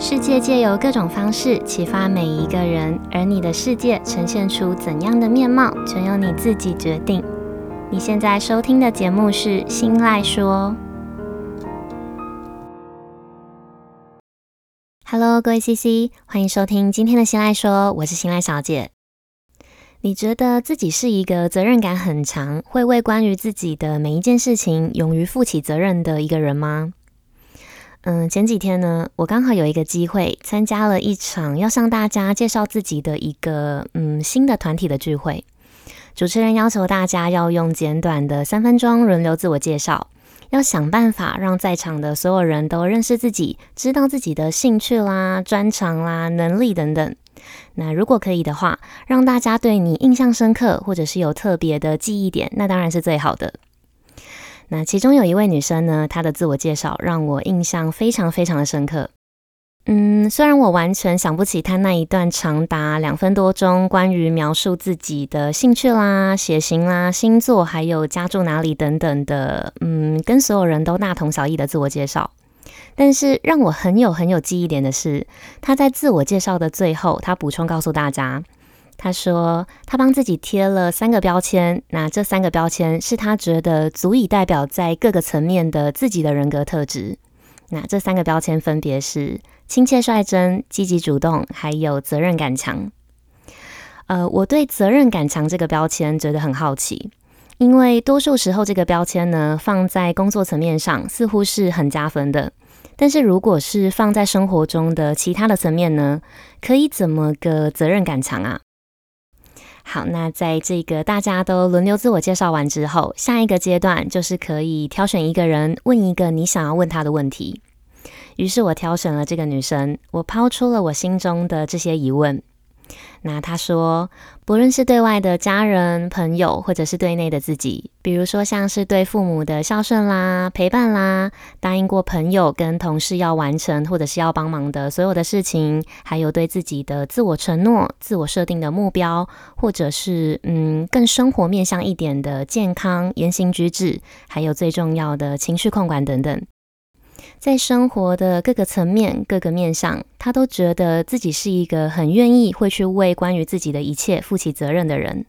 世界借由各種方式啟發每一個人，而你的世界呈現出怎樣的面貌，全由你自己決定。你現在收聽的節目是《心賴說》。Hello，各位 CC，歡迎收聽今天的《心賴說》，我是心賴小姐。你覺得自己是一個責任感很強，會為關於自己的每一件事情勇於負起責任的一個人嗎？嗯，前幾天呢，我剛好有一個機會，參加了一場要向大家介紹自己的一個嗯新的團體的聚會。主持人要求大家要用簡短的三分鐘輪流自我介紹，要想辦法讓在場的所有人都認識自己，知道自己的興趣啦、專長啦、能力等等。那如果可以的話，讓大家對你印象深刻，或者是有特別的記憶點，那當然是最好的。那其中有一位女生呢，她的自我介紹讓我印象非常非常的深刻。嗯，雖然我完全想不起她那一段長達兩分多鐘關於描述自己的興趣啦、血型啦、星座，還有家住哪裡等等的，嗯，跟所有人都大同小異的自我介紹，但是讓我很有很有記憶點的是，她在自我介紹的最後，她補充告訴大家，他說，他幫自己貼了三個標籤。那這三個標籤是他覺得足以代表在各個層面的自己的人格特質。那這三個標籤分別是親切率真、積極主動，還有責任感強。呃，我對責任感強這個標籤覺得很好奇，因為多數時候這個標籤呢，放在工作層面上似乎是很加分的，但是如果是放在生活中的其他的層面呢，可以怎麼個責任感強啊？好，那在這個大家都輪流自我介紹完之後，下一個階段就是可以挑選一個人問一個你想要問他的問題。於是我挑選了這個女生，我拋出了我心中的這些疑問。那他說，不論是對外的家人、朋友，或者是對內的自己，比如說像是對父母的孝順啦、陪伴啦，答應過朋友跟同事要完成，或者是要幫忙的所有的事情，還有對自己的自我承諾、自我設定的目標，或者是，嗯，更生活面向一點的健康、言行舉止，還有最重要的情緒控管等等。在生活的各個層面，各個面上，他都覺得自己是一個很願意會去為關於自己的一切負起責任的人。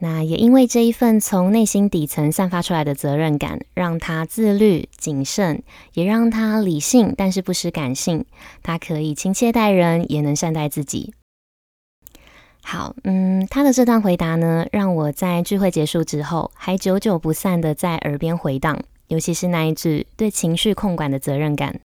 那也因為這一份從內心底層散發出來的責任感，讓他自律、謹慎，也讓他理性，但是不失感性。他可以親切待人，也能善待自己。好，嗯，他的這段回答呢，讓我在聚會結束之後還久久不散的在耳邊回盪。尤其是那一句對情緒控管的責任感。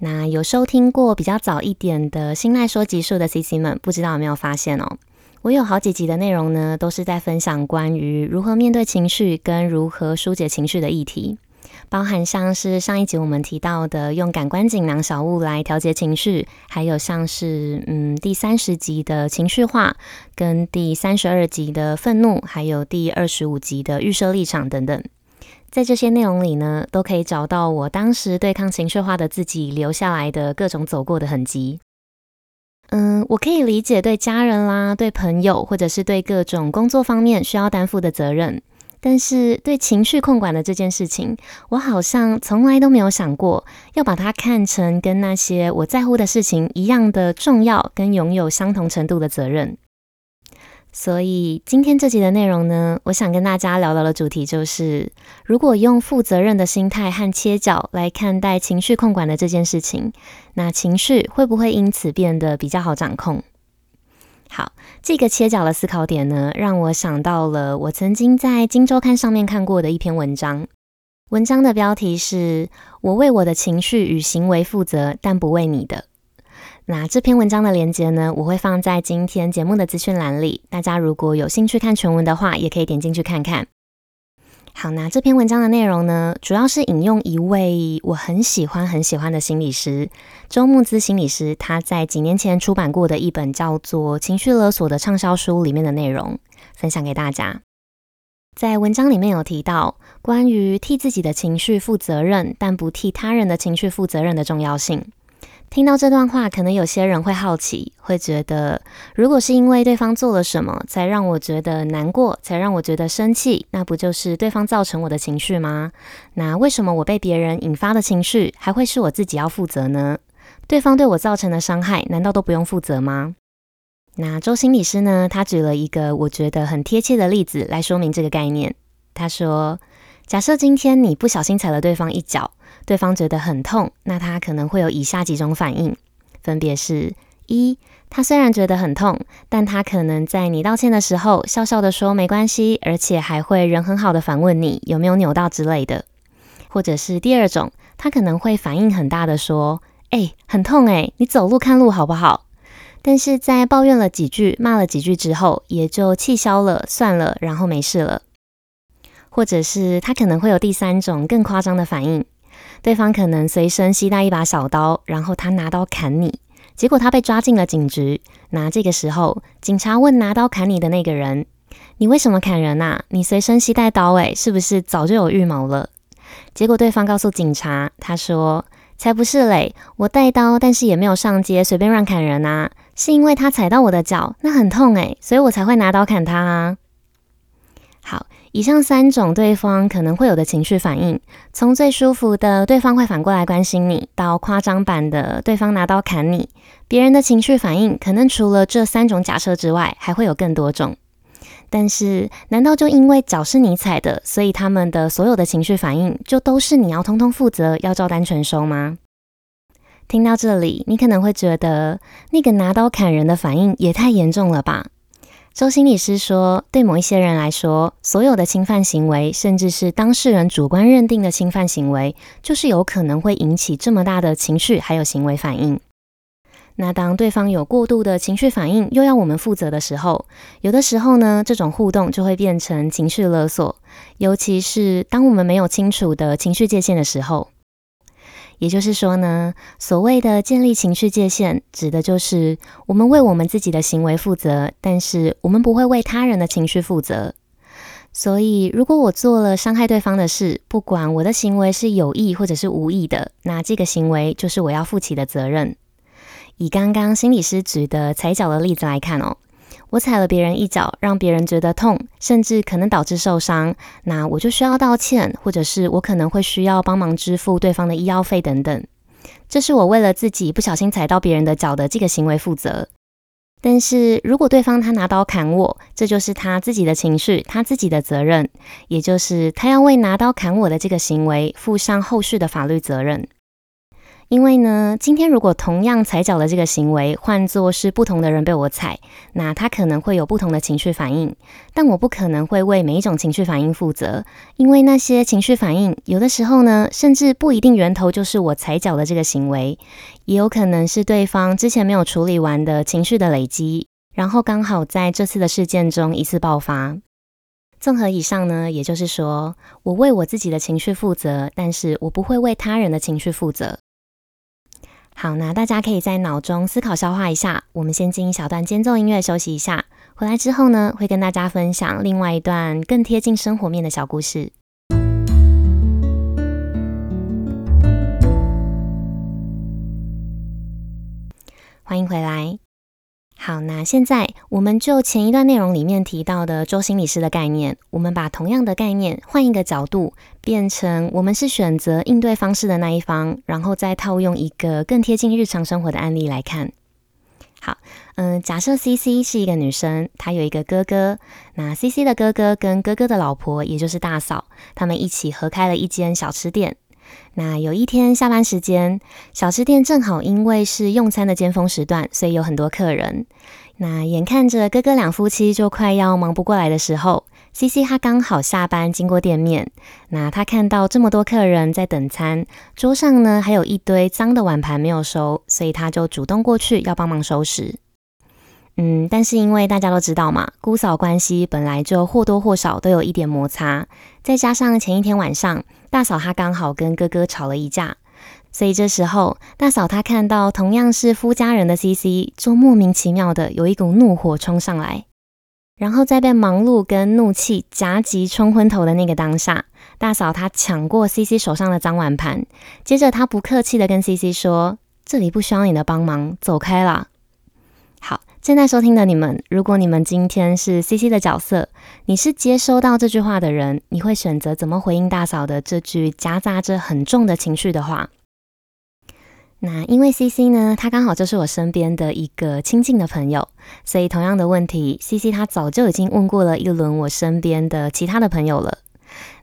那有收聽過比較早一點的心賴說集數的 CC 們，不知道有沒有發現哦？我有好幾集的內容呢，都是在分享關於如何面對情緒跟如何疏解情緒的議題，包含像是上一集我們提到的用感官錦囊小物來調節情緒，還有像是嗯第三十集的情緒化，跟第三十二集的憤怒，還有第二十五集的預設立場等等。在這些內容裡呢，都可以找到我當時對抗情緒化的自己留下來的各種走過的痕跡。嗯、呃，我可以理解對家人啦、對朋友，或者是對各種工作方面需要擔負的責任，但是對情緒控管的這件事情，我好像從來都沒有想過要把它看成跟那些我在乎的事情一樣的重要，跟擁有相同程度的責任。所以今天這集的內容呢，我想跟大家聊聊的主題就是，如果用負責任的心態和切角來看待情緒控管的這件事情，那情緒會不會因此變得比較好掌控？好，這個切角的思考點呢，讓我想到了我曾經在《今周刊》上面看過的一篇文章，文章的標題是《我為我的情緒與行為負責，但不為你的》。那這篇文章的連結呢，我會放在今天節目的資訊欄裡。大家如果有興趣看全文的話，也可以點進去看看。好，那這篇文章的內容呢，主要是引用一位我很喜歡、很喜歡的心理師——周慕姿心理師，他在幾年前出版過的一本叫做《情緒勒索》的暢銷書裡面的內容，分享給大家。在文章裡面有提到關於替自己的情緒負責任，但不替他人的情緒負責任的重要性。聽到這段話，可能有些人會好奇，會覺得如果是因為對方做了什麼才讓我覺得難過，才讓我覺得生氣，那不就是對方造成我的情緒嗎？那為什麼我被別人引發的情緒還會是我自己要負責呢？對方對我造成的傷害，難道都不用負責嗎？那周心理師呢？他舉了一個我覺得很貼切的例子來說明這個概念。他說，假設今天你不小心踩了對方一腳。對方覺得很痛，那他可能會有以下幾種反應，分別是一，他雖然覺得很痛，但他可能在你道歉的時候笑笑的說沒關係，而且還會人很好的反問你有沒有扭到之類的；或者是第二種，他可能會反應很大的說，哎，很痛哎，你走路看路好不好？但是在抱怨了幾句、罵了幾句之後，也就氣消了，算了，然後沒事了；或者是他可能會有第三種更誇張的反應。對方可能隨身攜帶一把小刀，然後他拿刀砍你，結果他被抓進了警局。那這個時候，警察問拿刀砍你的那個人：“你為什麼砍人吶？你隨身攜帶刀誒，是不是早就有預謀了？”結果對方告訴警察：“他說才不是嘞，我帶刀，但是也沒有上街隨便亂砍人吶，是因為他踩到我的腳，那很痛誒，所以我才會拿刀砍他啊。”好，以上三種對方可能會有的情緒反應，從最舒服的對方會反過來關心你，到誇張版的對方拿刀砍你，別人的情緒反應可能除了這三種假設之外，還會有更多種。但是，難道就因為腳是你踩的，所以他們的所有的情緒反應就都是你要通通負責，要照單全收嗎？聽到這裡，你可能會覺得那個拿刀砍人的反應也太嚴重了吧？周心理師說，對某一些人來說，所有的侵犯行為，甚至是當事人主觀認定的侵犯行為，就是有可能會引起這麼大的情緒還有行為反應。那當對方有過度的情緒反應，又要我們負責的時候，有的時候呢，這種互動就會變成情緒勒索，尤其是當我們沒有清楚的情緒界限的時候。也就是說呢，所謂的建立情緒界限，指的就是我們為我們自己的行為負責，但是我們不會為他人的情緒負責。所以，如果我做了傷害對方的事，不管我的行為是有意或者是無意的，那這個行為就是我要負起的責任。以剛剛心理師舉的踩腳的例子來看哦。我踩了別人一腳，讓別人覺得痛，甚至可能導致受傷，那我就需要道歉，或者是我可能會需要幫忙支付對方的醫藥費等等。這是我為了自己不小心踩到別人的腳的這個行為負責。但是如果對方他拿刀砍我，這就是他自己的情緒，他自己的責任，也就是他要為拿刀砍我的這個行為負上後續的法律責任。因為呢，今天如果同樣踩腳的這個行為，換作是不同的人被我踩，那他可能會有不同的情緒反應。但我不可能會為每一種情緒反應負責，因為那些情緒反應有的時候呢，甚至不一定源頭就是我踩腳的這個行為，也有可能是對方之前沒有處理完的情緒的累積，然後剛好在這次的事件中一次爆發。綜合以上呢，也就是說，我為我自己的情緒負責，但是我不會為他人的情緒負責。好，那大家可以在腦中思考消化一下。我們先進一小段間奏音樂休息一下，回來之後呢，會跟大家分享另外一段更貼近生活面的小故事。歡迎回來。好，那現在我們就前一段內容裡面提到的周心理師的概念，我們把同樣的概念換一個角度，變成我們是選擇應對方式的那一方，然後再套用一個更貼近日常生活的案例來看。好，嗯、呃，假設 C C 是一個女生，她有一個哥哥，那 C C 的哥哥跟哥哥的老婆，也就是大嫂，他們一起合開了一間小吃店。那有一天下班時間，小吃店正好因為是用餐的尖峰時段，所以有很多客人。那眼看着哥哥兩夫妻就快要忙不過來的時候，西西他剛好下班經過店面，那他看到這麼多客人在等餐，桌上呢還有一堆髒的碗盤沒有收，所以他就主動過去要幫忙收拾。嗯，但是因為大家都知道嘛，姑嫂關係本來就或多或少都有一點摩擦，再加上前一天晚上。大嫂她剛好跟哥哥吵了一架，所以這時候大嫂她看到同樣是夫家人的 C C，就莫名其妙的有一股怒火衝上來，然後在被忙碌跟怒氣夾擊沖昏頭的那個當下，大嫂她搶過 C C 手上的髒碗盤，接着她不客氣的跟 C C 說：“這裡不需要你的幫忙，走開了。”好。現在收聽的你們，如果你們今天是 C C 的角色，你是接收到這句話的人，你會選擇怎麼回應大嫂的這句夾雜着很重的情緒的話？那因為 C C 呢，他剛好就是我身邊的一個親近的朋友，所以同樣的問題，C C 他早就已經問過了一輪我身邊的其他的朋友了。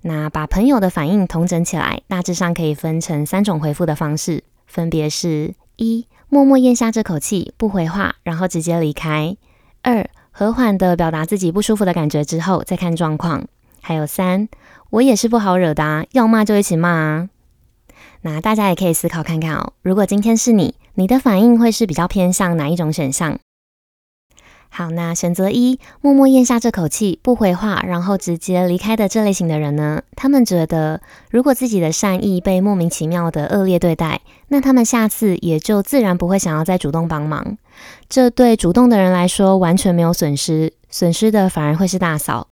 那把朋友的反應統整起來，大致上可以分成三種回復的方式，分別是一。默默咽下這口氣，不回話，然後直接離開。二，和緩地表達自己不舒服的感覺之後，再看狀況。還有三，我也是不好惹的啊，要罵就一起罵啊！那大家也可以思考看看哦，如果今天是你，你的反應會是比較偏向哪一種選項？好，那選擇一，默默嚥下這口氣，不回話，然後直接離開的這類型的人呢，他們覺得，如果自己的善意被莫名其妙的惡劣對待，那他們下次也就自然不會想要再主動幫忙。這對主動的人來說完全沒有損失，損失的反而會是大嫂。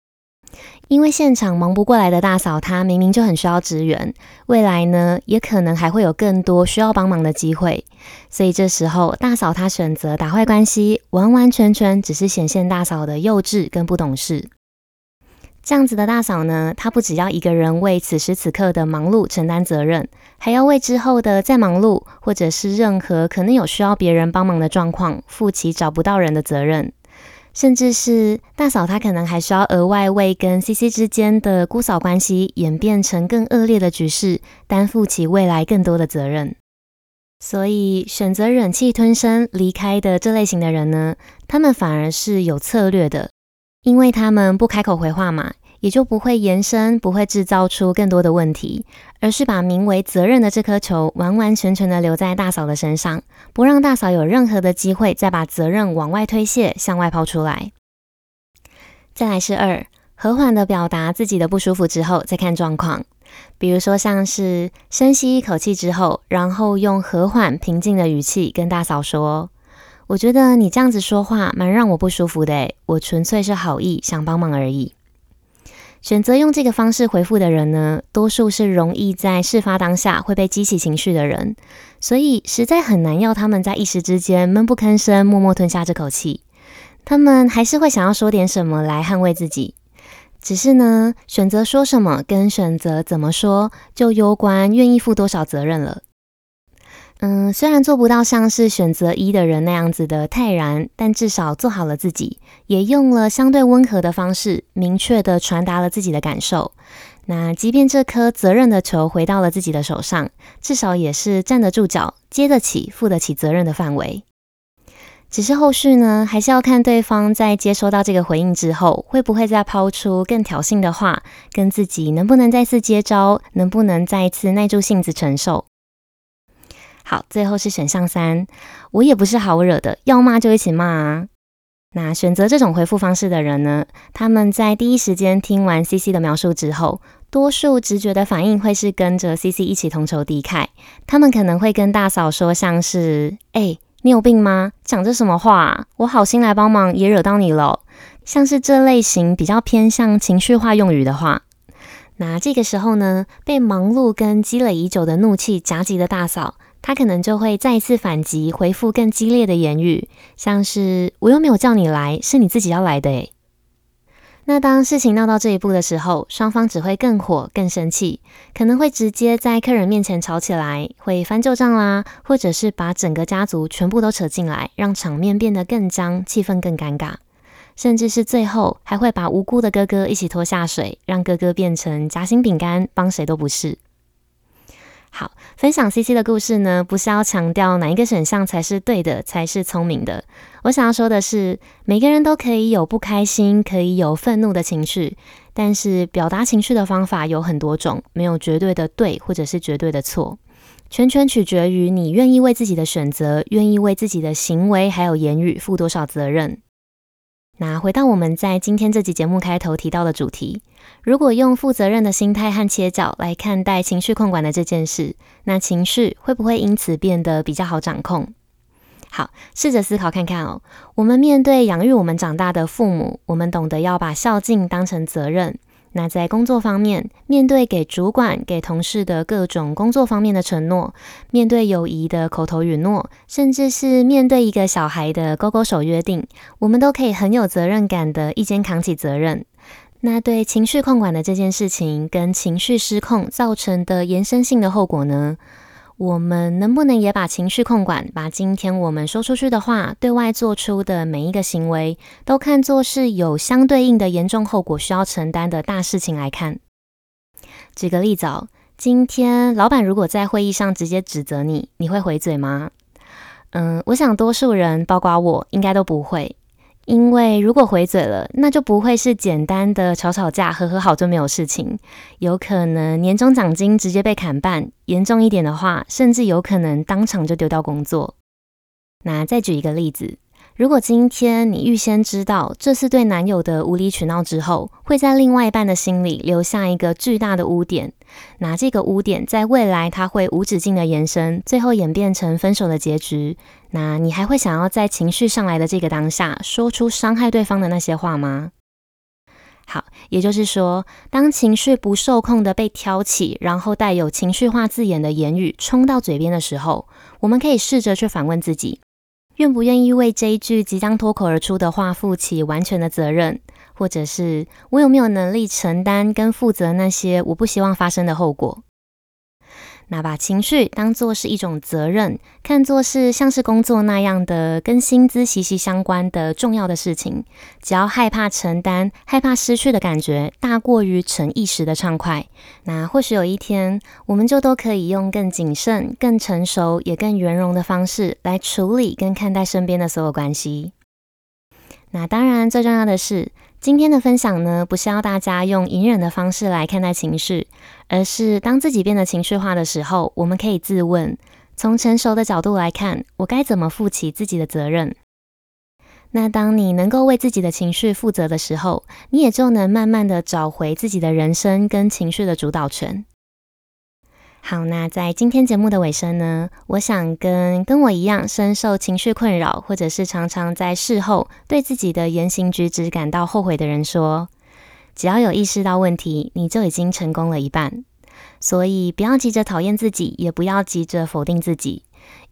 因為現場忙不過來的大嫂，她明明就很需要支援，未來呢，也可能還會有更多需要幫忙的機會，所以這時候大嫂她選擇打壞關係，完完全全只是顯現大嫂的幼稚跟不懂事。這樣子的大嫂呢，她不只要一個人為此時此刻的忙碌承擔責任，還要為之後的再忙碌，或者是任何可能有需要別人幫忙的狀況，負起找不到人的責任。甚至是大嫂，她可能還需要額外為跟 CC 之間的姑嫂關係演變成更惡劣的局勢，擔負起未來更多的責任。所以，選擇忍氣吞聲離開的這類型的人呢，他們反而是有策略的，因為他們不開口回話嘛。也就不會延伸，不會製造出更多的問題，而是把名為責任的這顆球完完全全的留在大嫂的身上，不讓大嫂有任何的機會再把責任往外推卸、向外拋出來。再來是二，和緩的表達自己的不舒服之後，再看狀況。比如說，像是深吸一口氣之後，然後用和緩、平靜的語氣跟大嫂說：“我覺得你這樣子說話蠻讓我不舒服的，哎，我純粹是好意想幫忙而已。”選擇用這個方式回覆的人呢，多數是容易在事發當下會被激起情緒的人，所以實在很難要他們在一時之間悶不吭聲，默默吞下這口氣。他們還是會想要說點什麼來捍衛自己，只是呢，選擇說什麼跟選擇怎麼說，就攸關願意負多少責任了。嗯，雖然做不到像是選擇一的人那樣子的泰然，但至少做好了自己，也用了相對溫和的方式，明確的傳達了自己的感受。那即便這顆責任的球回到了自己的手上，至少也是站得住腳、接得起、負得起責任的範圍。只是後續呢，還是要看對方在接收到這個回應之後，會不會再拋出更挑釁的話，跟自己能不能再次接招，能不能再一次耐住性子承受。好，最後是選項三，我也不是好惹的，要罵就一起罵啊！那選擇這種回復方式的人呢，他們在第一時間聽完 C C 的描述之後，多數直覺的反應會是跟着 C C 一起同仇敵愾。他們可能會跟大嫂說，像是“欸，你有病嗎？講這什麼話啊？我好心來幫忙，也惹到你了。”像是這類型比較偏向情緒化用語的話。那這個時候呢，被忙碌跟積累已久的怒氣夾擊的大嫂。他可能就會再一次反擊，回覆更激烈的言語，像是，我又沒有叫你來，是你自己要來的誒。那當事情鬧到這一步的時候，雙方只會更火、更生氣，可能會直接在客人面前吵起來，會翻舊賬啦，或者是把整個家族全部都扯進來，讓場面變得更僵，氣氛更尷尬，甚至是最後還會把無辜的哥哥一起拖下水，讓哥哥變成夾心餅乾，幫誰都不是。好，分享 CC 的故事呢，不是要強調哪一個選項才是對的，才是聰明的。我想要說的是，每個人都可以有不開心，可以有憤怒的情緒，但是表達情緒的方法有很多種，沒有絕對的對，或者是絕對的錯，完全取決於你願意為自己的選擇，願意為自己的行為還有言語負多少責任。那回到我們在今天這集節目開頭提到的主題，如果用負責任的心態和切角來看待情緒控管的這件事，那情緒會不會因此變得比較好掌控？好，試着思考看看哦。我們面對養育我們長大的父母，我們懂得要把孝敬當成責任。那在工作方面，面對給主管、給同事的各種工作方面的承諾，面對友誼的口頭允諾，甚至是面對一個小孩的勾勾手約定，我們都可以很有責任感的一肩扛起責任。那對情緒控管的這件事情，跟情緒失控造成的延伸性的後果呢？我們能不能也把情緒控管，把今天我們說出去的話，對外做出的每一個行為，都看作是有相對應的嚴重後果需要承擔的大事情來看？舉個例子，今天老闆如果在會議上直接指責你，你會回嘴嗎？嗯，我想多數人，包括我，應該都不會。因為如果回嘴了，那就不會是簡單的吵吵架、和和好就沒有事情。有可能年終獎金直接被砍半，嚴重一點的話，甚至有可能當場就丟掉工作。那再舉一個例子。如果今天你預先知道這次對男友的無理取鬧，之後會在另外一半的心裡留下一個巨大的污點，那這個污點在未來它會無止境的延伸，最後演變成分手的結局。那你還會想要在情緒上來的這個當下說出傷害對方的那些話嗎？好，也就是說，當情緒不受控的被挑起，然後帶有情緒化字眼的言語衝到嘴邊的時候，我們可以試着去反問自己。願不願意為這一句即將脫口而出的話負起完全的責任？或者是，我有沒有能力承擔跟負責那些我不希望發生的後果？那把情緒當作是一種責任，看作是像是工作那樣的跟薪資息息相關的重要的事情。只要害怕承擔、害怕失去的感覺，大過於逞一時的暢快。那或許有一天，我們就都可以用更謹慎、更成熟、也更圓融的方式來處理跟看待身邊的所有關係。那當然，最重要的是。今天的分享呢，不是要大家用隱忍的方式來看待情緒，而是當自己變得情緒化的時候，我們可以自問，從成熟的角度來看，我該怎麼負起自己的責任？那當你能夠為自己的情緒負責的時候，你也就能慢慢的找回自己的人生跟情緒的主導權。好，那在今天節目的尾聲呢，我想跟跟我一樣深受情緒困擾，或者是常常在事後對自己的言行舉止感到後悔的人說，只要有意識到問題，你就已經成功了一半。所以不要急着討厭自己，也不要急着否定自己，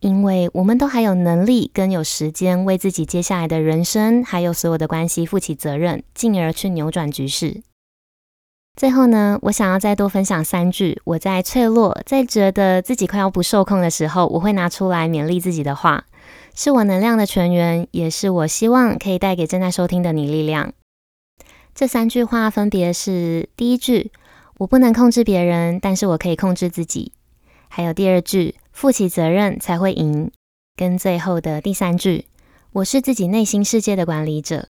因為我們都還有能力跟有時間為自己接下來的人生，還有所有的關係負起責任，進而去扭轉局勢。最後呢，我想要再多分享三句我在脆弱、在覺得自己快要不受控的時候，我會拿出來勉勵自己的話，是我能量的泉源，也是我希望可以帶給正在收聽的你力量。這三句話分別是：第一句，我不能控制別人，但是我可以控制自己；還有第二句，負起責任才會贏；跟最後的第三句，我是自己內心世界的管理者。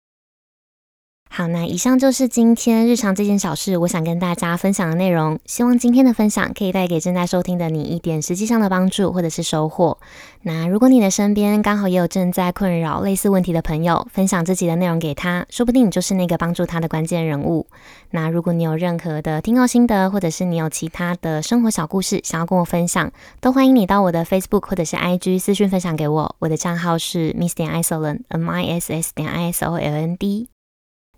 好，那以上就是今天日常這件小事，我想跟大家分享的內容。希望今天的分享可以帶給正在收聽的你一點實際上的幫助，或者是收穫。那如果你的身邊剛好也有正在困擾類似問題的朋友，分享自己的內容給他，說不定你就是那個幫助他的關鍵人物。那如果你有任何的聽後心得，或者是你有其他的生活小故事想要跟我分享，都歡迎你到我的 Facebook 或者是 IG 私訊分享給我。我的賬號是 Miss 點 Isoland，M I S S 點 I S O L N D。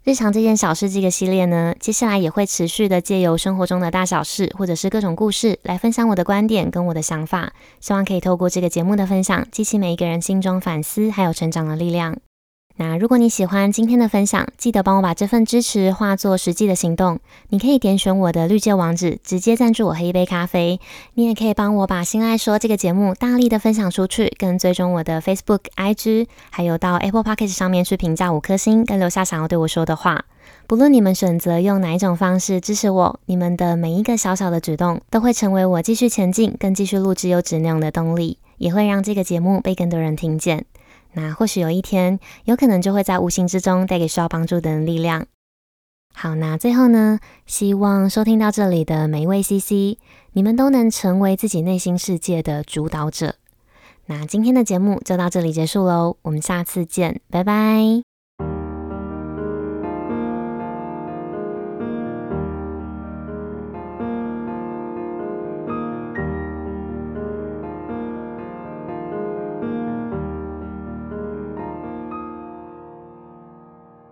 日常這件小事這個系列呢，接下來也會持續的借由生活中的大小事，或者是各種故事來分享我的觀點跟我的想法，希望可以透過這個節目的分享，激起每一個人心中反思還有成長的力量。那如果你喜歡今天的分享，記得幫我把這份支持化作實際的行動。你可以點選我的綠界網址，直接贊助我喝一杯咖啡。你也可以幫我把心賴說這個節目大力的分享出去，跟追蹤我的 Facebook、IG，還有到 Apple Podcast 上面去評價五顆星，跟留下想要對我說的話。不論你們選擇用哪一種方式支持我，你們的每一個小小的舉動都會成為我繼續前進、跟繼續錄製優質內容的動力，也會讓這個節目被更多人聽見。那或許有一天，有可能就會在無形之中帶給需要幫助的人力量。好，那最後呢，希望收聽到這裡的每一位 CC，你們都能成為自己內心世界的主導者。那今天的節目就到這裡結束嘍，我們下次見，拜拜。